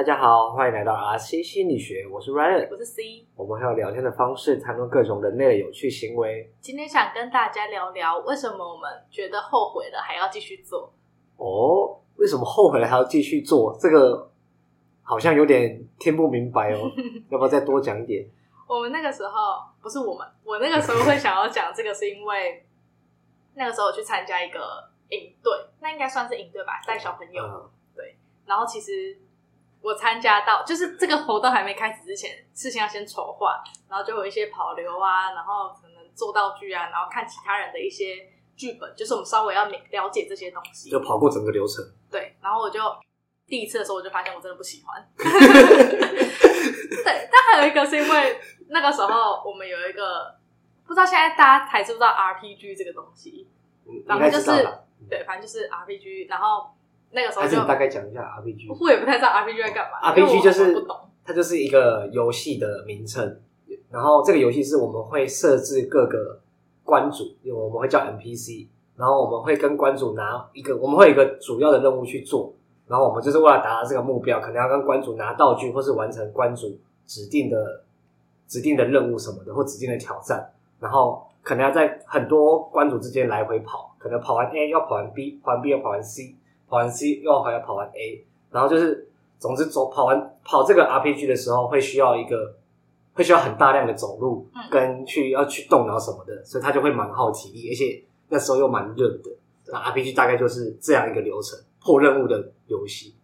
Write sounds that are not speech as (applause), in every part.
大家好，歡迎來到 R C 心理學，我是 Ryan，我是 C，我們還有聊天的方式，談論各種人類的有趣行為。今天想跟大家聊聊，為什麼我們覺得後悔了還要繼續做？哦，為什麼後悔了還要繼續做？這個好像有點聽不明白哦， (laughs) 要不要再多講點？我們那個時候不是我們，我那個時候會想要講這個，是因為那個時候去參加一個營隊、 (laughs) 欸，那應該算是營隊吧，帶小朋友。嗯、對，然後其實。我參加到，就是這個活動還沒開始之前，事情要先籌劃，然後就有一些跑流啊，然後可能做道具啊，然後看其他人的一些劇本，就是我們稍微要了解這些東西。就跑過整個流程。對，然後我就第一次的時候，我就發現我真的不喜歡。 (laughs) (laughs) (laughs) 對，但還有一個是因為那個時候我們有一個，不知道現在大家還知不知道 RPG 這個東西，然後就是、嗯、對，反正就是 RPG，然後。那個時候還是你大概講一下 RPG。我也不太知道 RPG 在幹嘛。RPG 就是，它就是一個遊戲的名稱。然後這個遊戲是我們會設置各個關主，因為我們會叫 NPC。然後我們會跟關主拿一個，我們會有一個主要的任務去做。然後我們就是為了達到這個目標，可能要跟關主拿道具，或是完成關主指定的指定的任務什麼的，或指定的挑戰。然後可能要在很多關主之間來回跑，可能跑完 A 要跑完 B，跑完 B 要跑完 C。跑完 C 又要回來跑完 A，然後就是總之走跑完跑這個 RPG 的時候，會需要一個會需要很大量的走路、嗯、跟去要去動腦什麼的，所以他就會蠻好奇，而且那時候又蠻熱的。RPG 大概就是這樣一個流程，破任務的遊戲。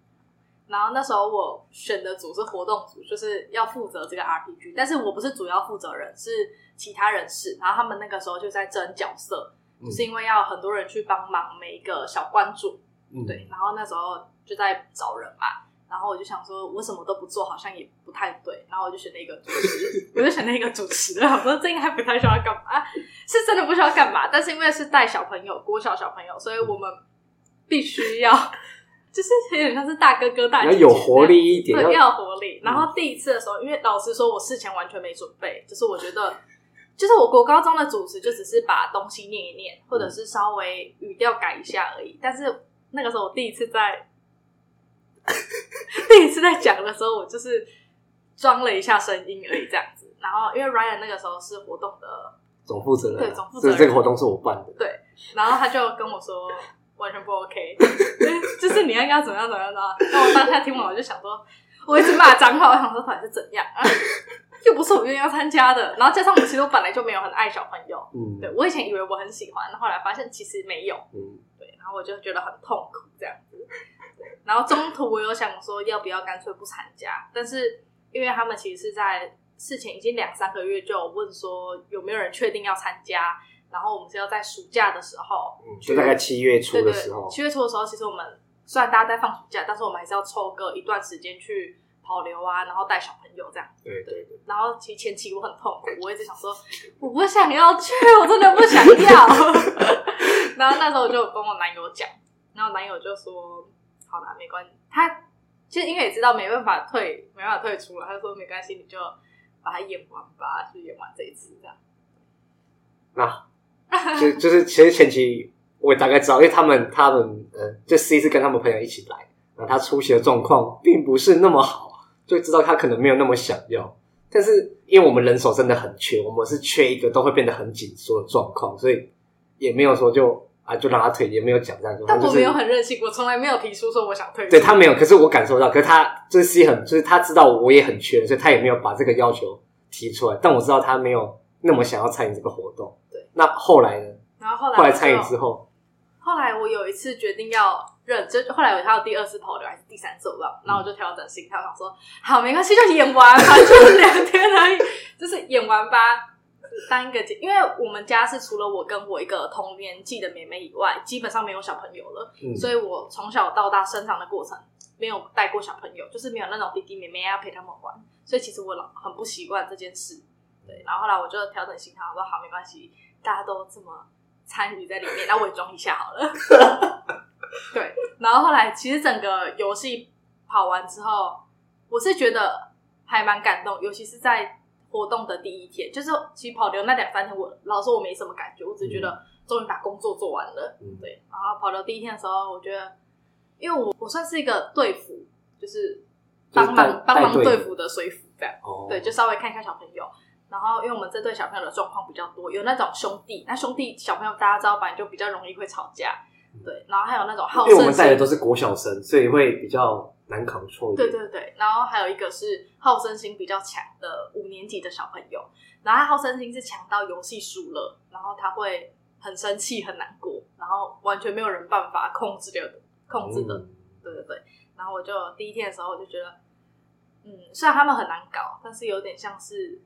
然後那時候我選的組是活動組，就是要負責這個 RPG，但是我不是主要負責人，是其他人士。然後他們那個時候就在爭角色，嗯、是因為要很多人去幫忙每一個小關主。嗯、對，然後那時候就在找人嘛，然後我就想說，我什麼都不做，好像也不太對，然後我就選了一個主持， (laughs) 我就選了一個主持，我說這應該不太需要幹嘛，是真的不需要幹嘛，但是因為是帶小朋友，國小小朋友，所以我們必須要，就是有點像是大哥哥帶，要有活力一點，對，要活力。要然後第一次的時候，因為老實說，我事前完全沒準備，就是我覺得，就是我國高中的主持就只是把東西念一念，或者是稍微語調改一下而已，但是。那個時候我第一次在 (laughs) 第一次在講的時候，我就是裝了一下聲音而已，這樣子。然後因為 Ryan 那個時候是活動的總負責、啊、總負責人，對總負責人，這個活動是我辦的，對。然後他就跟我說 (laughs) 完全不 OK， (laughs) 就是你應該要怎麼樣怎麼樣。然後我當下聽完我就想說，我一直罵髒話，我想說反正是怎樣、啊，又不是我願意要參加的。然後加上我其實我本來就沒有很愛小朋友，嗯，對我以前以為我很喜歡，後來發現其實沒有，嗯。然後我就覺得很痛苦，這樣子。然後中途我有想說要不要乾脆不參加，但是因為他們其實是在事前已經兩三個月就有問說有沒有人確定要參加，然後我們是要在暑假的時候，就大概七月初的時候。對對對，七月初的時候，其實我們雖然大家在放暑假，但是我們還是要湊個一段時間去跑流啊，然後帶小朋友這樣子。對對對。然後其實前期我很痛苦，我一直想說我不想要去，我真的不想要。 (laughs) 然後、 (laughs) 啊、那時候我就跟我男友講，然後男友就說：“好啦，沒關係。”他其實應該也知道沒辦法退，沒辦法退出了。他就說：“沒關係，你就把它演完吧，就演完這一次。”這樣。那、啊， (laughs) 就就是其實前期我也大概知道，因為他們他們呃，這 C 是跟他們朋友一起來，那他出席的狀況並不是那麼好，就知道他可能沒有那麼想要。但是因為我們人手真的很缺，我們是缺一個都會變得很緊縮的狀況，所以也沒有說就。啊，就讓他退，也沒有講這樣。但我沒有很任性，就是、我從來沒有提出說我想退。對，他沒有，可是我感受到，可是他就是、C、很，就是他知道我也很缺，所以他也沒有把這個要求提出來。但我知道他沒有那麼想要參與這個活動。嗯、對，那後來呢？然後後來，後來參與之後，後來我有一次決定要認，就後來我看到第二次跑流還是第三次我不知知，然後我就調整心態，我想說、嗯、好沒關係，就演完吧， (laughs) 就是兩天而已，就是演完吧。三個，因為我們家是除了我跟我一個同年紀的妹妹以外，基本上沒有小朋友了，嗯、所以我從小到大生長的過程沒有帶過小朋友，就是沒有那種弟弟妹妹要陪他們玩，所以其實我老很不習慣這件事。對，然後後來我就調整心態，我說好，好沒關係，大家都這麼參與在裡面，那偽裝一下好了。 (laughs) 對，然後後來其實整個遊戲跑完之後，我是覺得還蠻感動，尤其是在。活動的第一天，就是其實跑流那兩三天，我老實說，我沒什麼感覺，我只覺得終於把工作做完了。嗯、對，然後跑流第一天的時候，我覺得，因為我我算是一個隊輔，就是幫忙幫忙隊輔的隨輔的，對，就稍微看一下小朋友。然後，因為我們這隊小朋友的狀況比較多，有那種兄弟，那兄弟小朋友大家知道吧，就比較容易會吵架。嗯、對，然後還有那種好，因為我們帶的都是國小生，所以會比較。難考錯。對對對，然後還有一個是好勝心比較強的五年級的小朋友，然後他好勝心是強到遊戲輸了，然後他會很生氣很難過，然後完全沒有人辦法控制的，控制的，嗯、對對對，然後我就第一天的時候我就覺得，嗯，雖然他們很難搞，但是有點像是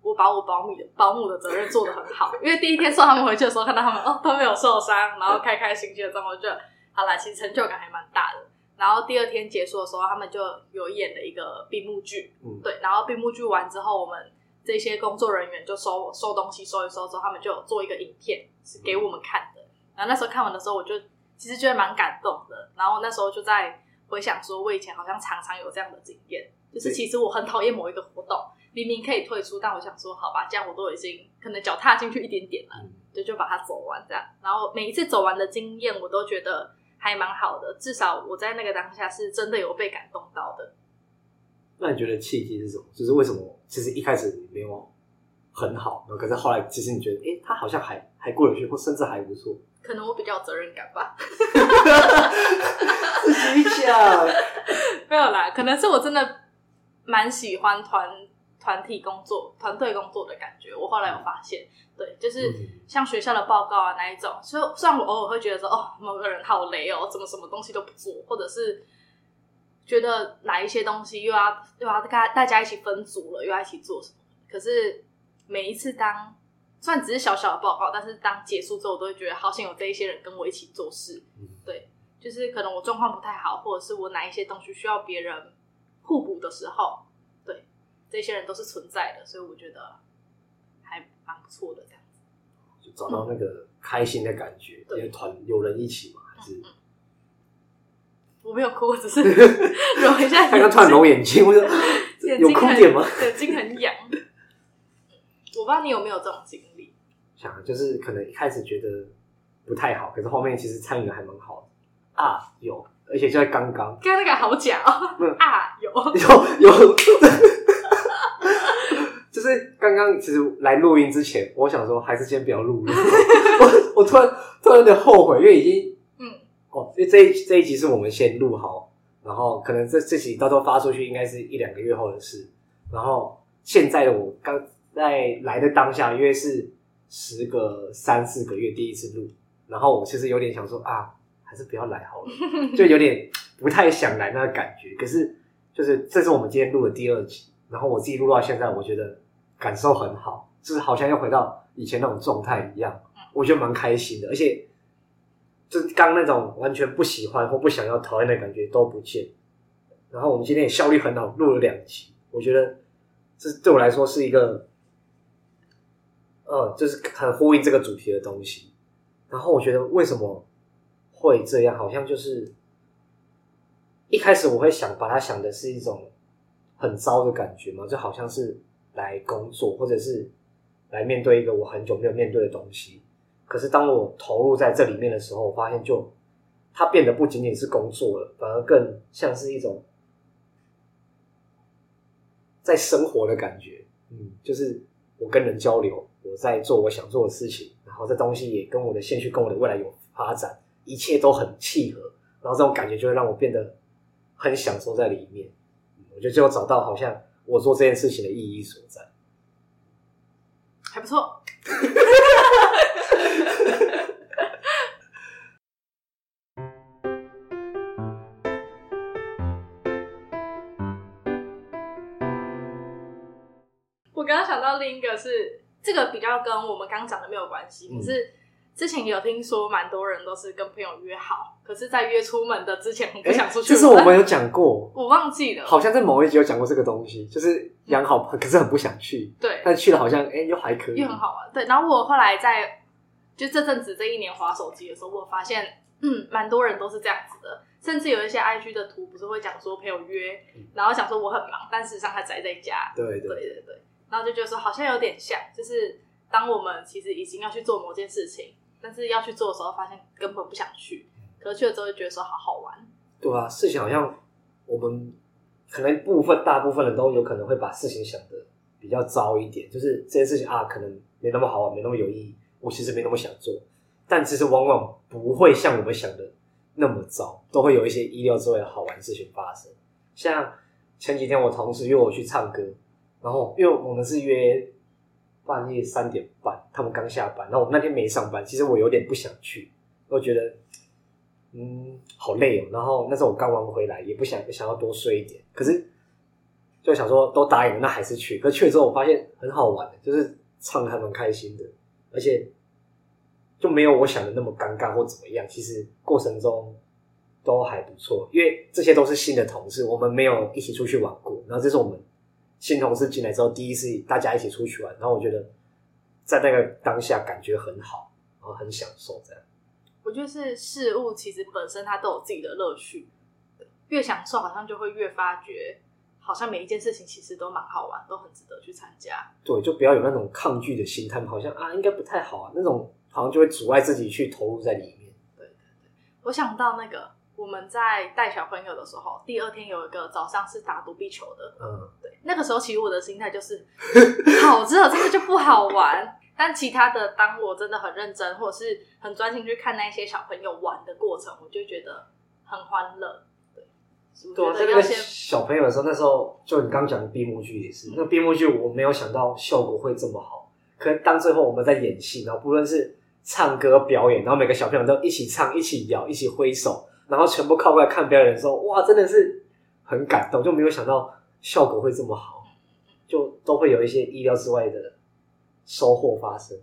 我把我保姆的保姆的責任做得很好， (laughs) 因為第一天送他們回去的時候看到他們哦都沒有受傷，然後開開心心的時候，然後就，好啦，其實成就感還蠻大的。然後第二天結束的時候，他們就有演了一個閉幕劇，嗯、對。然後閉幕劇完之後，我們這些工作人員就收收東西，收一收。之後他們就有做一個影片，是給我們看的。嗯、然後那時候看完的時候，我就其實覺得蠻感動的。然後那時候就在回想說，我以前好像常常有這樣的經驗，就是其實我很討厭某一個活動，明明可以退出，但我想說，好吧，這樣我都已經可能腳踏進去一點點了，對、嗯，就，就把它走完這樣。然後每一次走完的經驗，我都覺得。還蠻好的，至少我在那個當下是真的有被感動到的。那你覺得契機是什麼？就是為什麼其實一開始沒有很好，然後可是後來其實你覺得，哎、欸，他好像還還過得去，或甚至還不錯。可能我比較有責任感吧。 (laughs) 沒有啦，可能是我真的蠻喜歡團。團體工作、團隊工作的感覺，我後來有發現，對，就是像學校的報告啊那一種。所以雖然我偶爾會覺得說，哦，某個人好雷哦，怎麼什麼東西都不做，或者是覺得哪一些東西又要又要大家大家一起分組了，又要一起做什麼？可是每一次當算只是小小的報告，但是當結束之後，我都會覺得好像有這一些人跟我一起做事。對，就是可能我狀況不太好，或者是我哪一些東西需要別人互補的時候。這些人都是存在的，所以我覺得還蠻不錯的，這樣子，就找到那個開心的感覺，因為團有人一起嘛。還是我沒有哭，只是揉一下。剛剛突然揉眼睛，我就有哭點嗎？眼睛很癢，我不知道你有沒有這種經歷。想就是可能一開始覺得不太好，可是後面其實參與的還蠻好的啊，有，而且就在剛剛。剛剛那個好假哦。啊，有有有。就是剛剛其實來錄音之前，我想說還是先不要錄了。 (laughs) 我我突然突然有點後悔，因為已經嗯哦，因為這一這一集是我們先錄好，然後可能這這集到時候發出去應該是一兩個月後的事。然後現在的我剛在來的當下，因為是時隔三四個月第一次錄，然後我其實有點想說啊，還是不要來好了，就有點不太想來那個感覺。可是就是這是我們今天錄的第二集，然後我自己錄到現在，我覺得。感受很好，就是好像又回到以前那種狀態一樣，我覺得蠻開心的。而且，就剛那種完全不喜歡或不想要、討厭的感覺都不見。然後我們今天也效率很好，錄了兩集，我覺得這對我來說是一個，嗯、呃，就是很呼應這個主題的東西。然後我覺得為什麼會這樣，好像就是一開始我會想把它想的是一種很糟的感覺嘛，就好像是。來工作，或者是來面對一個我很久沒有面對的東西。可是當我投入在這裡面的時候，我發現就它變得不僅僅是工作了，反而更像是一種在生活的感覺。嗯，就是我跟人交流，我在做我想做的事情，然後這東西也跟我的興趣、跟我的未來有發展，一切都很契合。然後這種感覺就會讓我變得很享受在裡面。嗯，我覺得最後找到好像。我做這件事情的意義所在，還不錯。我剛剛想到另一個是，這個比較跟我們剛剛講的沒有關係，可是。之前有聽說，蠻多人都是跟朋友約好，可是，在約出門的之前，很不想出去。就、欸、是我們有講過，我忘記了，好像在某一集有講過這個東西，就是養好朋友，嗯、可是很不想去。對，但去了好像哎，對、欸，又還可以，又很好玩。對，然後我後來在就這陣子這一年滑手機的時候，我發現，嗯，蠻多人都是這樣子的，甚至有一些 IG 的圖，不是會講說朋友約，然後想說我很忙，但事實上他宅在家。對對對對，對對對。然後就覺得說好像有點像，就是當我們其實已經要去做某件事情。但是要去做的時候，發現根本不想去。可是去了之後，就覺得說好好玩。對啊，事情好像我們可能部分、大部分人都有可能會把事情想的比較糟一點，就是這件事情啊，可能沒那麼好玩，沒那麼有意義，我其實沒那麼想做。但其實往往不會像我們想的那麼糟，都會有一些意料之外的好玩事情發生。像前幾天我同事約我去唱歌，然後又我們是約。半夜三點半，他們剛下班，然後我那天沒上班。其實我有點不想去，我覺得嗯好累哦、喔。然後那時候我剛玩回來，也不想想要多睡一點。可是就想說都答應了，那還是去。可是去了之後，我發現很好玩，就是唱的還蠻開心的，而且就沒有我想的那麼尷尬或怎麼樣。其實過程中都還不錯，因為這些都是新的同事，我們沒有一起出去玩過。然後這是我們。新同事進來之後，第一次大家一起出去玩，然後我覺得在那個當下感覺很好，然後很享受這樣。我覺得是事物其實本身它都有自己的樂趣，越享受好像就會越發覺，好像每一件事情其實都蠻好玩，都很值得去參加。對，就不要有那種抗拒的心態，好像啊應該不太好，啊，那種好像就會阻礙自己去投入在裡面。對我想到那個我們在帶小朋友的時候，第二天有一個早上是打躲避球的，嗯。那個時候，其實我的心態就是，好，這真的就不好玩。 (laughs) 但其他的，當我真的很認真，或者是很專心去看那些小朋友玩的過程，我就覺得很歡樂。對，是是對、啊，那些小朋友的時候，那時候就你剛講的閉幕劇也是，那閉幕劇我沒有想到效果會這麼好。可是當最後我們在演戲，然後不論是唱歌表演，然後每個小朋友都一起唱、一起搖、一起揮手，然後全部靠過來看表演的時候，哇，真的是很感動，就沒有想到。效果會這麼好，就都會有一些意料之外的收穫發生。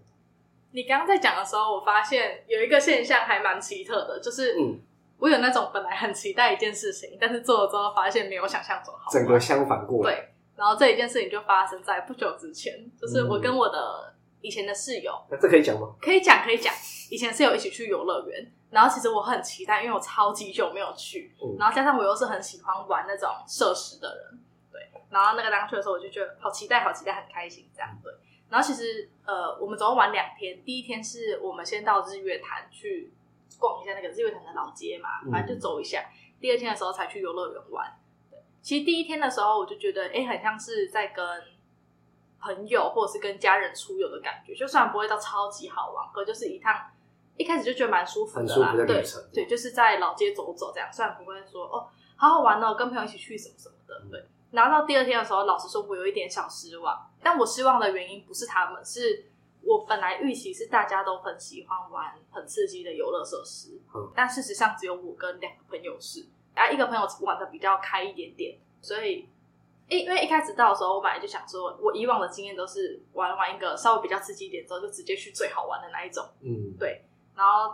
你剛剛在講的時候，我發現有一個現象還蠻奇特的，就是，嗯，我有那種本來很期待一件事情，但是做了之後發現沒有想象中好，整個相反過來。對，然後這一件事情就發生在不久之前，就是我跟我的以前的室友，嗯、那這可以講嗎？可以講，可以講。以前室友一起去遊樂園，然後其實我很期待，因為我超級久沒有去，嗯、然後加上我又是很喜歡玩那種設施的人。然後那個，當去的時候，我就覺得好期待，好期待，很開心這樣，對。然後其實呃，我們總共玩兩天，第一天是我們先到日月潭去逛一下那個日月潭的老街嘛，反正就走一下。第二天的時候才去遊樂園玩，對。其實第一天的時候，我就覺得哎、欸，很像是在跟朋友或者是跟家人出遊的感覺，就算不會到超級好玩，可是就是一趟，一開始就覺得蠻舒服的啦。對，對，哇就是在老街走走這樣。雖然不會說哦、喔，好好玩哦、喔，跟朋友一起去什麼什麼的，對。然後到第二天的時候，老實說，我有一點小失望。但我失望的原因不是他們，是我本來預期是大家都很喜歡玩很刺激的遊樂設施，嗯，但事實上只有我跟兩個朋友是，然後一個朋友玩的比較開一點點，所以，因為一開始到的時候，我本來就想說，我以往的經驗都是玩完一個稍微比較刺激一點之後，就直接去最好玩的那一種，嗯，對。然後，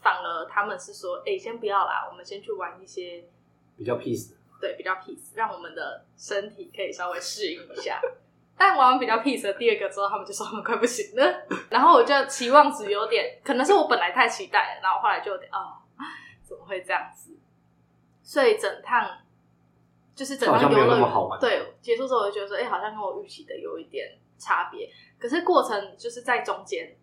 反而他們是說，哎，先不要啦，我們先去玩一些比較 peace 的。對，比較 peace，讓我們的身體可以稍微適應一下。 (laughs) 但玩完比較 peace 的第二個之後，他們就說他們快不行了。 (laughs) 然後我就期望值有點，可能是我本來太期待了，然後後來就有點，啊、哦，怎麼會這樣子？所以整趟就是整趟遊樂園，對，結束之後我就覺得說，哎、欸，好像跟我預期的有一點差別。可是過程就是在中間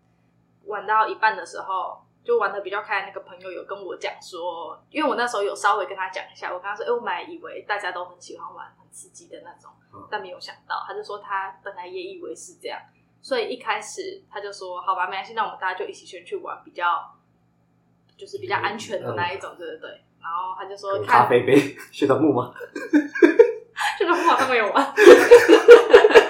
玩到一半的時候。就玩的比較開那個朋友有跟我講說，因為我那時候有稍微跟他講一下，我跟他說，哎、欸，我本來以為大家都很喜歡玩很刺激的那種，但沒有想到，他就說他本來也以為是這樣，所以一開始他就說，好吧，沒關係，那我們大家就一起先去玩比較，就是比較安全的那一種，嗯嗯、對對對，然後他就說，咖啡杯旋轉看木馬嗎？旋轉 (laughs) 木馬他沒有玩。 (laughs)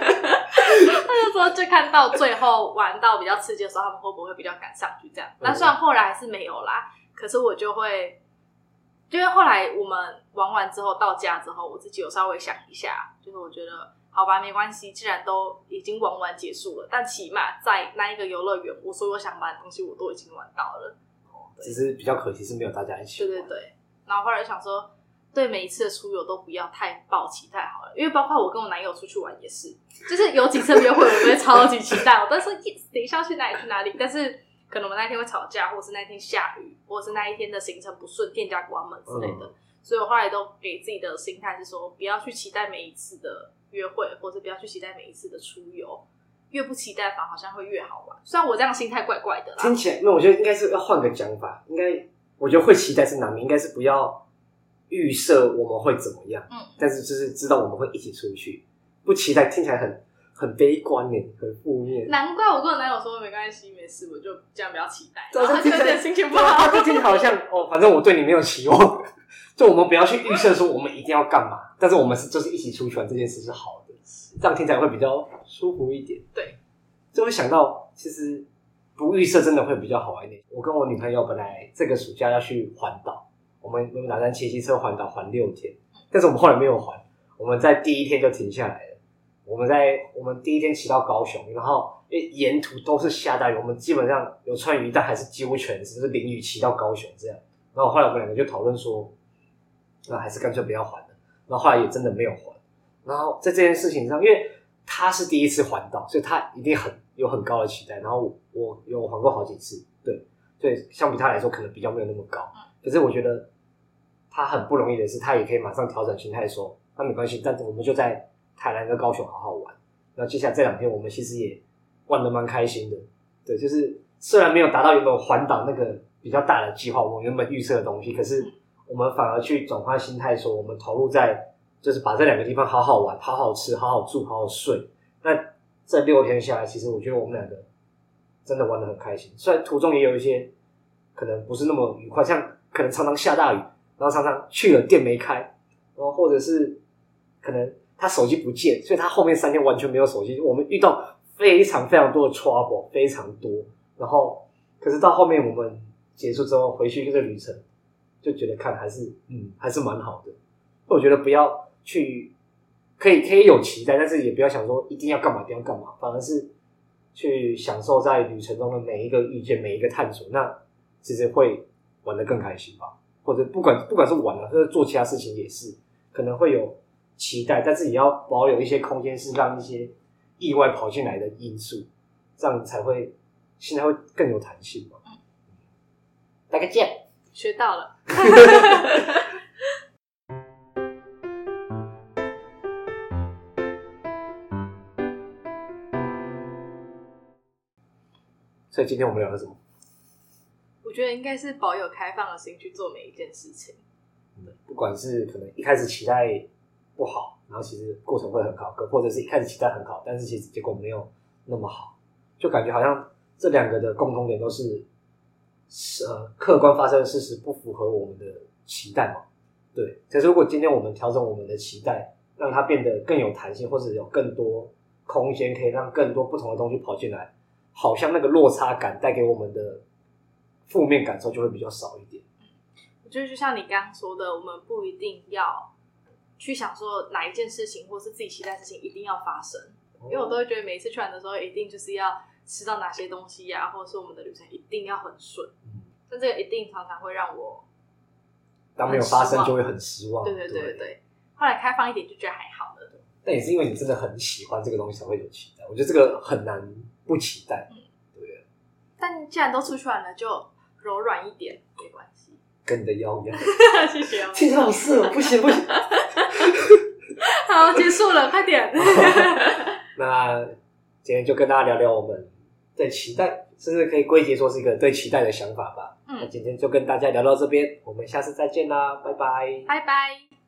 說 (laughs) 就看到最後玩到比較刺激的時候，他們會不會比較敢上去這樣？那雖然後來還是沒有啦，可是我就會，因為後來我們玩完之後到家之後，我自己有稍微想一下，就是我覺得好吧，沒關係，既然都已經玩完結束了，但起碼在那一個遊樂園，我所有想玩的東西我都已經玩到了。其實比較可惜是沒有大家一起。對對對，然後後來想說。對每一次的出遊都不要太抱期待好了，因為包括我跟我男友出去玩也是，就是有幾次約會我會超級期待，我都說一等一下去哪裡去哪裡，但是可能我們那天會吵架，或是那天下雨，或者是那一天的行程不順，店家關門之類的，嗯、所以我後來都給自己的心態是說，不要去期待每一次的約會，或者不要去期待每一次的出遊，越不期待反而好像會越好玩。雖然我這樣心態怪怪的啦，聽起來，那我覺得應該是要換個講法，應該我覺得會期待是哪裡應該是不要預設我們會怎麼樣？嗯，但是就是知道我們會一起出去，不期待聽起來很很悲觀呢，很負面。難怪我跟我男友說沒關係，沒事，我就這樣不要期待。最近心情不好，最、就是、聽， (laughs) 就聽好像哦，反正我對你沒有期望。 (laughs) 就我們不要去預設說我們一定要幹嘛，但是我們就是一起出去玩，這件事是好的事，這樣聽起來會比較舒服一點。對，就會想到其實不預設真的會比較好玩一點。我跟我女朋友本來這個暑假要去環島。我們我們打算騎機車環島，環六天，但是我們後來沒有環，我們在第一天就停下來了。我們在我們第一天騎到高雄，然後因為沿途都是下大雨，我們基本上有穿雨衣，但還是幾乎全是、就是、淋雨騎到高雄這樣。然後後來我們兩個就討論說，那還是乾脆不要還環了。然後後來也真的沒有環。然後在這件事情上，因為他是第一次環島，所以他一定很有很高的期待。然後我我有環過好幾次，對對，所以相比他來說可能比較沒有那麼高，可是我覺得。他很不容易的是，他也可以馬上調整心態，說那沒關係，但是我們就在台南跟高雄好好玩。那接下來這兩天，我們其實也玩的蠻開心的。對，就是雖然沒有達到原本環島那個比較大的計劃，我們原本預測的東西，可是我們反而去轉換心態，說我們投入在就是把這兩個地方好好玩、好好吃、好好住、好好睡。那這六天下來，其實我覺得我們兩個真的玩的很開心。雖然途中也有一些可能不是那麼愉快，像可能常常下大雨。然後常常去了店沒開，然後或者是可能他手機不見，所以他後面三天完全沒有手機。我們遇到非常非常多的 trouble，非常多。然後可是到後面我們結束之後回去，去這個旅程，就覺得看還是嗯，還是蠻好的。我覺得不要去，可以可以有期待，但是也不要想說一定要幹嘛，一定要幹嘛，反而是去享受在旅程中的每一個遇見，每一個探索，那其實會玩得更開心吧。或者不管不管是玩啊，或者做其他事情，也是可能會有期待，但是也要保留一些空間，是讓一些意外跑進來的因素，這樣才會心態會更有彈性嘛、嗯。大家見，學到了。 (laughs) (music) 所以今天我們聊了什麼？我覺得應該是保有開放的心去做每一件事情。嗯，不管是可能一開始期待不好，然後其實過程會很好，或者是一開始期待很好，但是其實結果沒有那麼好，就感覺好像這兩個的共同點都是，呃，客觀發生的事實不符合我們的期待嘛，對。可是如果今天我們調整我們的期待，讓它變得更有彈性，或者有更多空間，可以讓更多不同的東西跑進來，好像那個落差感帶給我們的。負面感受就會比較少一點。嗯、就是、就像你剛剛說的，我們不一定要去想說哪一件事情，或是自己期待的事情一定要發生，哦、因為我都會覺得每次去玩的時候，一定就是要吃到哪些東西呀、啊，或者是我們的旅程一定要很順。嗯、但這個一定常常會讓我當沒有發生就會很失望。對，對對對對，對，後來開放一點就覺得還好了。但也是因為你真的很喜歡這個東西才會有期待，我覺得這個很難不期待，嗯、對，但既然都出去玩了，就。柔軟一點沒關係，跟你的腰一樣。謝謝啊，其實好色喔，不行不行。 (laughs) 好，結束了， (laughs) 快點。 (laughs) (laughs) 那今天就跟大家聊聊我們對期待，甚至可以歸結說是一個對期待的想法吧。嗯，那今天就跟大家聊到這邊，我們下次再見啦，拜拜，拜拜。